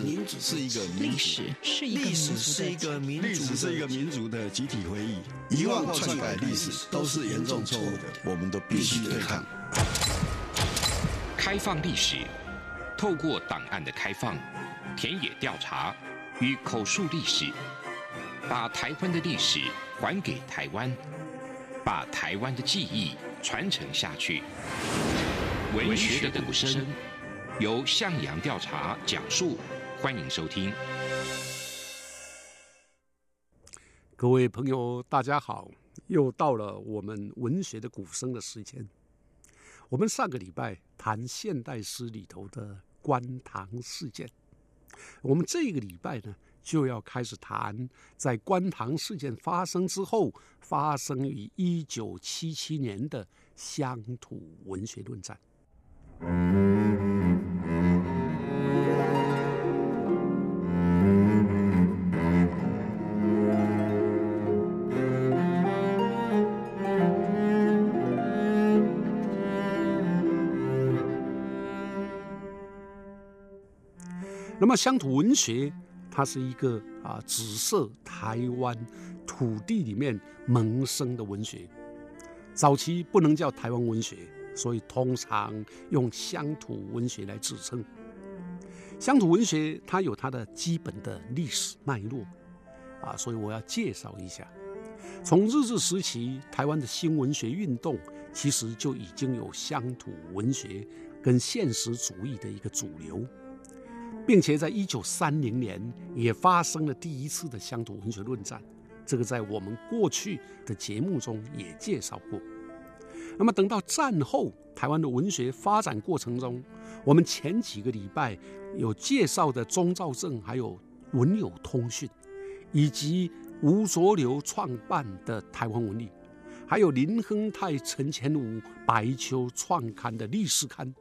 民是一個歷史，是一個民族的歷史，是一個民族的集體回憶。遺忘或篡改歷史都是嚴重錯誤的，我們都必須對抗。開放歷史，透過檔案的開放、田野調查與口述歷史，把台灣的歷史還給台灣，把台灣的記憶傳承下去。文學的鼓聲，由向陽調查講述。歡迎收聽，各位朋友，大家好！又到了我們文學的鼓聲的時間。我們上個禮拜談現代詩裡頭的“關唐事件”，我們這個禮拜呢，就要開始談在“關唐事件”發生之後，發生於一九七七年的鄉土文學論戰。嗯那麼，鄉土文學它是一個啊，指涉台灣土地裡面萌生的文學。早期不能叫台灣文學，所以通常用鄉土文學來自稱。鄉土文學它有它的基本的歷史脈絡啊，所以我要介紹一下。從日治時期，台灣的新文學運動其實就已經有鄉土文學跟現實主義的一個主流。並且在1930年也發生了第一次的鄉土文學論戰，這個在我們過去的節目中也介紹過。那麼等到戰後，台灣的文學發展過程中，我們前幾個禮拜有介紹的鍾肇政，還有《文友通訊》，以及吳濁流創辦的《台灣文藝》，還有林亨泰、陳千武、白萩創刊的《笠》詩刊。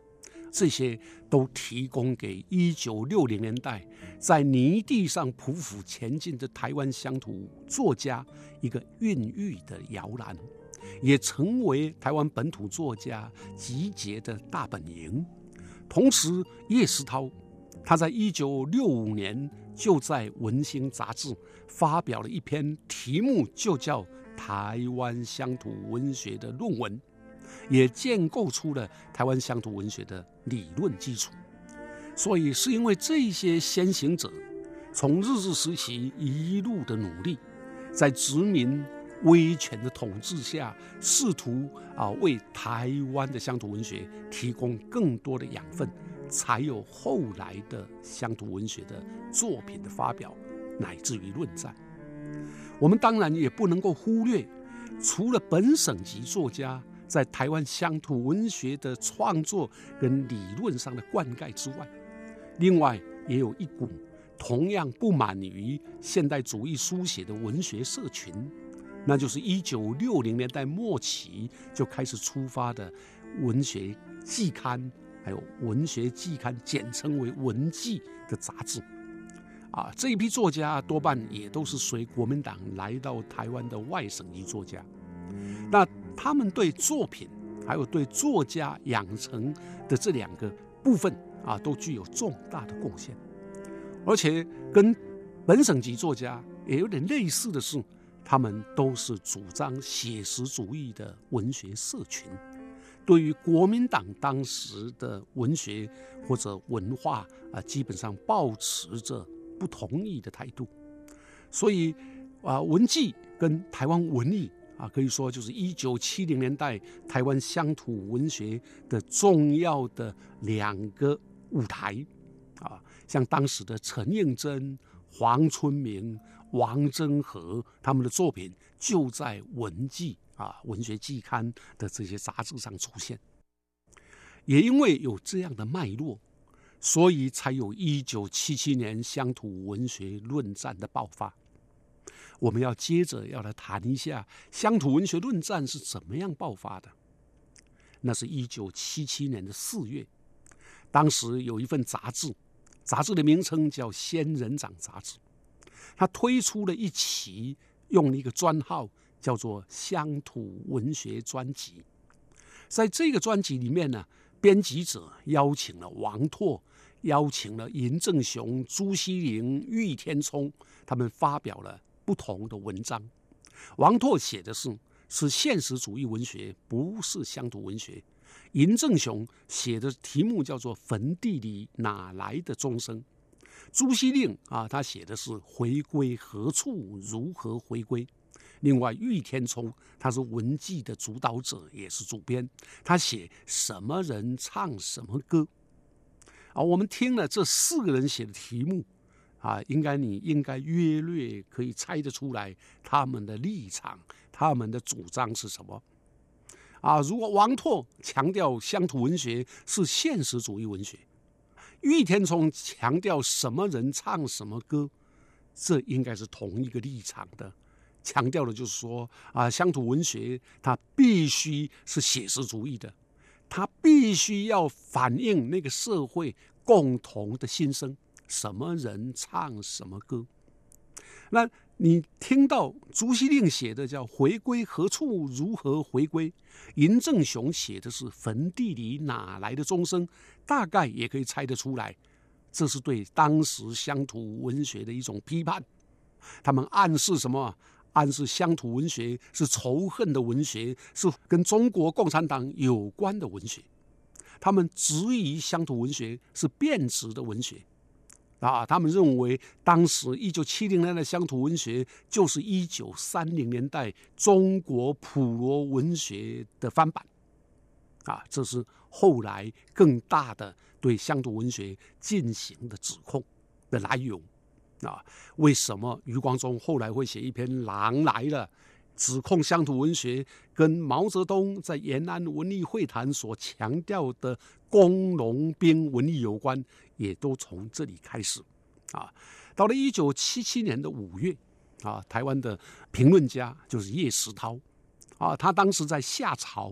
這些都提供給一九六零年代在泥地上匍匐前進的台灣鄉土作家一個孕育的搖籃，也成為台灣本土作家集結的大本營。同時，葉石濤他在一九六五年就在《文星》雜誌發表了一篇題目就叫《台灣鄉土文學》的論文。也建構出了台灣鄉土文學的理論基礎，所以是因為這些先行者從日治時期一路的努力，在殖民威權的統治下，試圖啊為台灣的鄉土文學提供更多的養分，才有後來的鄉土文學的作品的發表，乃至於論戰。我們當然也不能夠忽略，除了本省籍作家，在台灣鄉土文學的創作跟理論上的灌溉之外，另外也有一股同樣不滿於現代主義書寫的文學社群，那就是一九六零年代末期就開始出發的文學季刊，還有文學季刊，簡稱為文季的雜誌。啊，這一批作家多半也都是隨國民黨來到台灣的外省籍作家。那。他們對作品，還有對作家養成的這兩個部分啊，都具有重大的貢獻。而且跟本省籍作家也有點類似的是，他們都是主張寫實主義的文學社群，對於國民黨當時的文學或者文化啊，基本上抱持著不同意的態度。所以啊，文季跟台灣文藝。啊，可以說就是1970年代台灣鄉土文學的重要的兩個舞台，啊，像當時的陳映真、黃春明、王禎和他們的作品就在《文季》啊《文學季刊》的這些雜誌上出現，也因為有這樣的脈絡，所以才有一九七七年鄉土文學論戰的爆發。我們要接着要來談一下鄉土文學論戰是怎麼樣爆發的。那是一九七七年的四月，當時有一份雜誌，雜誌的名稱叫《仙人掌雜誌》，它推出了一期，用了一個專號，叫做《鄉土文學專輯》。在這個專輯裡面呢，編輯者邀請了王拓，邀請了銀正雄、朱西甯、尉天驄，他們發表了。不同的文章，王拓寫的是是現實主義文學，不是鄉土文學。銀正雄寫的題目叫做《墳地裡哪來的鐘聲》。朱西甯啊，他寫的是回歸何處，如何回歸？另外，尉天驄，他是文季的主導者，也是主編，他寫什麼人唱什麼歌。啊，我們聽了這四個人寫的題目。啊，應該你應該約略可以猜得出來，他們的立場，他們的主張是什麼？啊，如果王拓強調鄉土文學是現實主義文學，尉天驄強調什麼人唱什麼歌，這應該是同一個立場的，強調的就是說啊，鄉土文學它必須是寫實主義的，它必須要反映那個社會共同的心聲。什麼人唱什麼歌？那你聽到朱西甯寫的叫“回歸何處”，如何回歸？銀正雄寫的是墳地裡哪來的鐘聲？大概也可以猜得出來，這是對當時鄉土文學的一種批判。他們暗示什麼？暗示鄉土文學是仇恨的文學，是跟中國共產黨有關的文學。他們質疑鄉土文學是變質的文學。啊，他們認為當時一九七零年代的鄉土文學就是一九三零年代中國普羅文學的翻版，啊，這是後來更大的對鄉土文學進行的指控的來由。啊，為什麼余光中後來會寫一篇《狼來了》？指控鄉土文學跟毛澤東在延安文藝會談所強調的工農兵文藝有關，也都從這裡開始。啊，到了一九七七年的五月，啊，台灣的評論家就是葉石濤，啊，他當時在《夏潮》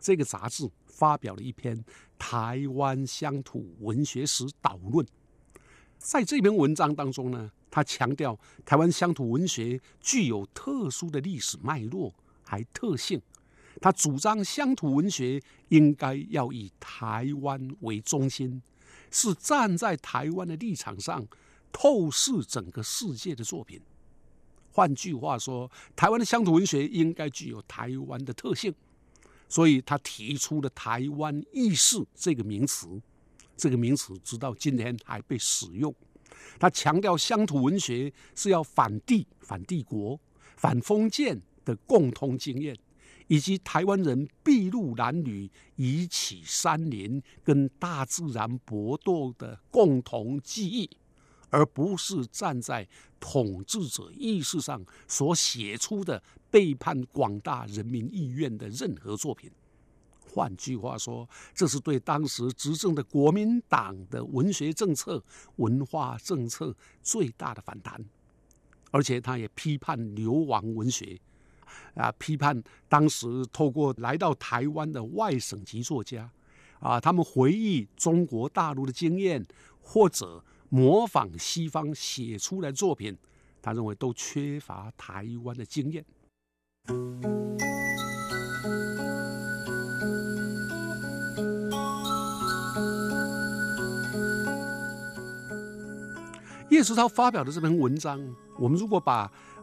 這個雜誌發表了一篇《台灣鄉土文學史導論》。在這篇文章當中呢。他強調，台灣鄉土文學具有特殊的歷史脈絡和特性。他主張鄉土文學應該要以台灣為中心，是站在台灣的立場上透視整個世界的作品。換句話說，台灣的鄉土文學應該具有台灣的特性。所以，他提出了“台灣意識”這個名詞。這個名詞直到今天還被使用。他強調，鄉土文學是要反帝、反帝國、反封建的共同經驗，以及台灣人篳路藍縷、以啟山林、跟大自然搏鬥的共同記憶，而不是站在統治者意識上所寫出的背叛廣大人民意願的任何作品。換句話說，這是對當時執政的國民黨的文學政策、文化政策最大的反彈，而且他也批判流亡文學，啊，批判當時透過來到台灣的外省籍作家，啊，他們回憶中國大陸的經驗，或者模仿西方寫出來作品，他認為都缺乏台灣的經驗，嗯。葉石濤發表的這篇文章，我們如果把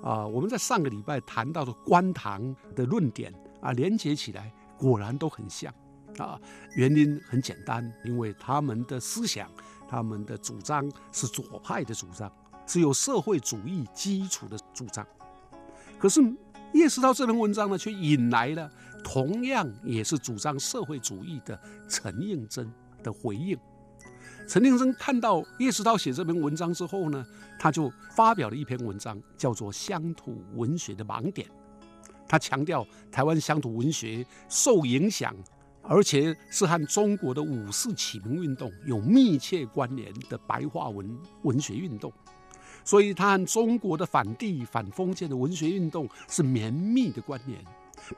啊、呃、我們在上個禮拜談到的關唐的論點啊連接起來，果然都很像啊。原因很簡單，因為他們的思想、他們的主張是左派的主張，是有社會主義基礎的主張。可是葉石濤這篇文章呢，卻引來了同樣也是主張社會主義的陳映真的回應。陳定生看到葉石濤寫這篇文章之後呢，他就發表了一篇文章，叫做《鄉土文學的盲點》。他強調台灣鄉土文學受影響，而且是和中國的五四啟蒙運動有密切關聯的白話文文學運動。所以，他和中國的反帝反封建的文學運動是綿密的關聯，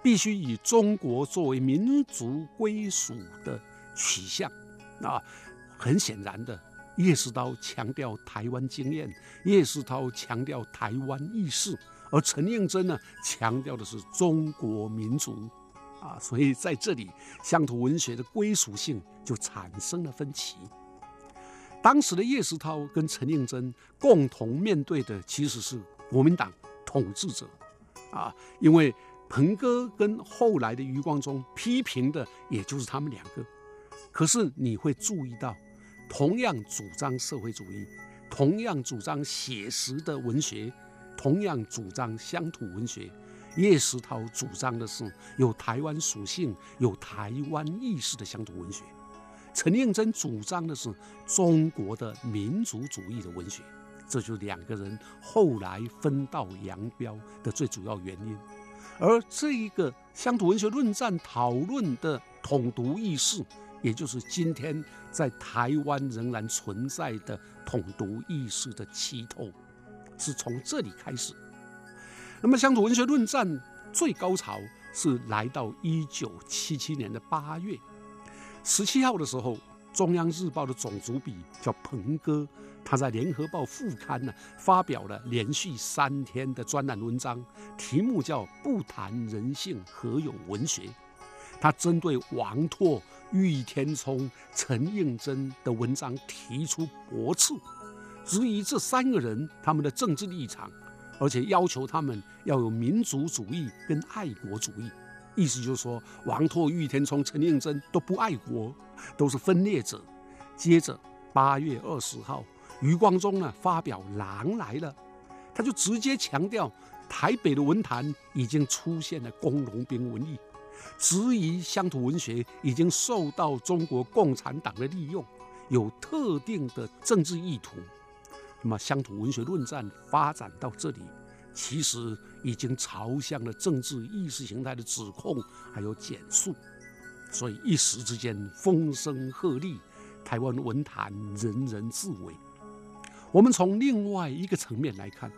必須以中國作為民族歸屬的取向啊。很顯然的，葉石濤強調台灣經驗，葉石濤強調台灣意識，而陳映真呢，強調的是中國民族，啊，所以在這裡鄉土文學的歸屬性就產生了分歧。當時的葉石濤跟陳映真共同面對的其實是國民黨統治者，啊，因為彭歌跟後來的余光中批評的也就是他們兩個，可是你會注意到。同樣主張社會主義，同樣主張寫實的文學，同樣主張鄉土文學。葉石濤主張的是有台灣屬性、有台灣意識的鄉土文學。陳映真主張的是中國的民族主義的文學。這就是兩個人後來分道揚鑣的最主要原因。而這一個鄉土文學論戰討論的統獨意識。也就是今天在台灣仍然存在的統獨意識的起頭，是從這裡開始。那麼鄉土文學論戰最高潮是來到一九七七年的八月十七號的時候，《中央日報》的總主筆叫彭歌，他在《聯合報》副刊呢發表了連續三天的專欄文章，題目叫“不談人性何有文學”。他針對王拓、尉天驄、陳映真的文章提出駁斥，質疑這三個人他們的政治立場，而且要求他們要有民族主義跟愛國主義。意思就是說，王拓、尉天驄、陳映真都不愛國，都是分裂者。接着，八月二十號，余光中呢發表《狼來了》，他就直接強調，台北的文壇已經出現了工農兵文藝。質疑鄉土文學已經受到中國共產黨的利用，有特定的政治意圖。那麼鄉土文學論戰發展到這裡，其實已經朝向了政治意識形態的指控，還有檢肅。所以一時之間風聲鶴唳，台灣文壇人人自危。我們從另外一個層面來看，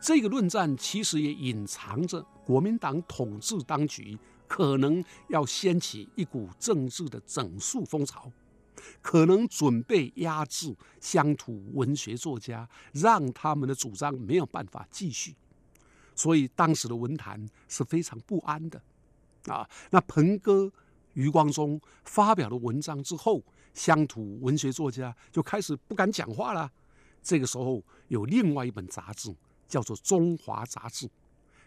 這個論戰其實也隱藏着國民黨統治當局。可能要掀起一股政治的整肅風潮，可能準備壓制鄉土文學作家，讓他們的主張沒有辦法繼續。所以當時的文壇是非常不安的。啊，那彭歌余光中發表了文章之後，鄉土文學作家就開始不敢講話了。這個時候有另外一本雜誌叫做《中華雜誌》，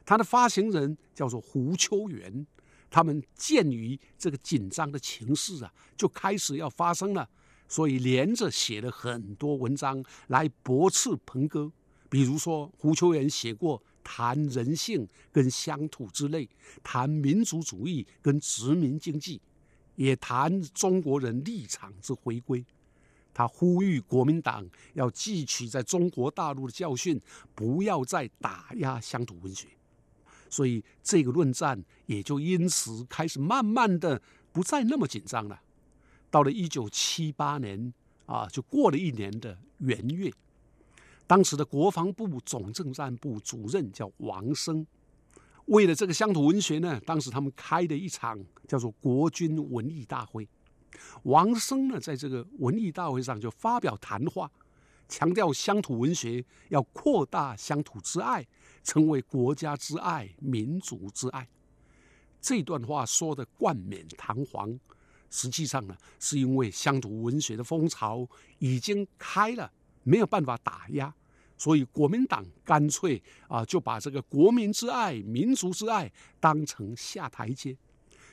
它的發行人叫做胡秋原。他們鑑於這個緊張的情勢啊，就開始要發聲了，所以連着寫了很多文章來駁斥彭哥。比如說，胡秋原寫過談人性跟鄉土之類，談民族主義跟殖民經濟，也談中國人立場之回歸。他呼籲國民黨要汲取在中國大陸的教訓，不要再打壓鄉土文學。所以這個論戰也就因此開始，慢慢的不再那麼緊張了。到了一九七八年啊，就過了一年的元月，當時的國防部總政戰部主任叫王昇，為了這個鄉土文學呢，當時他們開的一場叫做“國軍文藝大會”。王昇呢，在這個文藝大會上就發表談話，強調鄉土文學要擴大鄉土之愛。成為國家之愛、民族之愛，這段話說的冠冕堂皇。實際上呢，是因為鄉土文學的風潮已經開了，沒有辦法打壓，所以國民黨乾脆啊就把這個國民之愛、民族之愛當成下台階。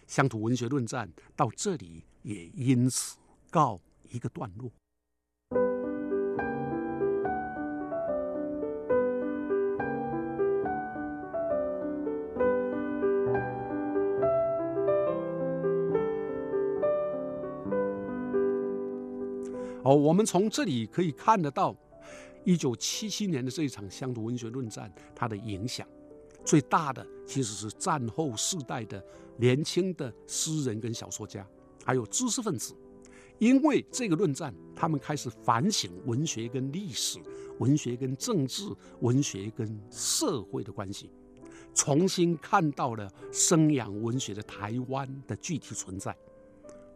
鄉土文學論戰到這裡也因此告一個段落。好、哦，我們從這裡可以看得到，一九七七年的這一場鄉土文學論戰，它的影響最大的其實是戰後世代的年輕的詩人跟小說家，還有知識分子，因為這個論戰，他們開始反省文學跟歷史、文學跟政治、文學跟社會的關係，重新看到了生養文學的台灣的具體存在。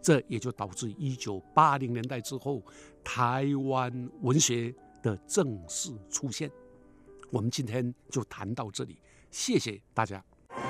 這也就導致1980年代之後，台灣文學的正式出現。我們今天就談到這裡，謝謝大家。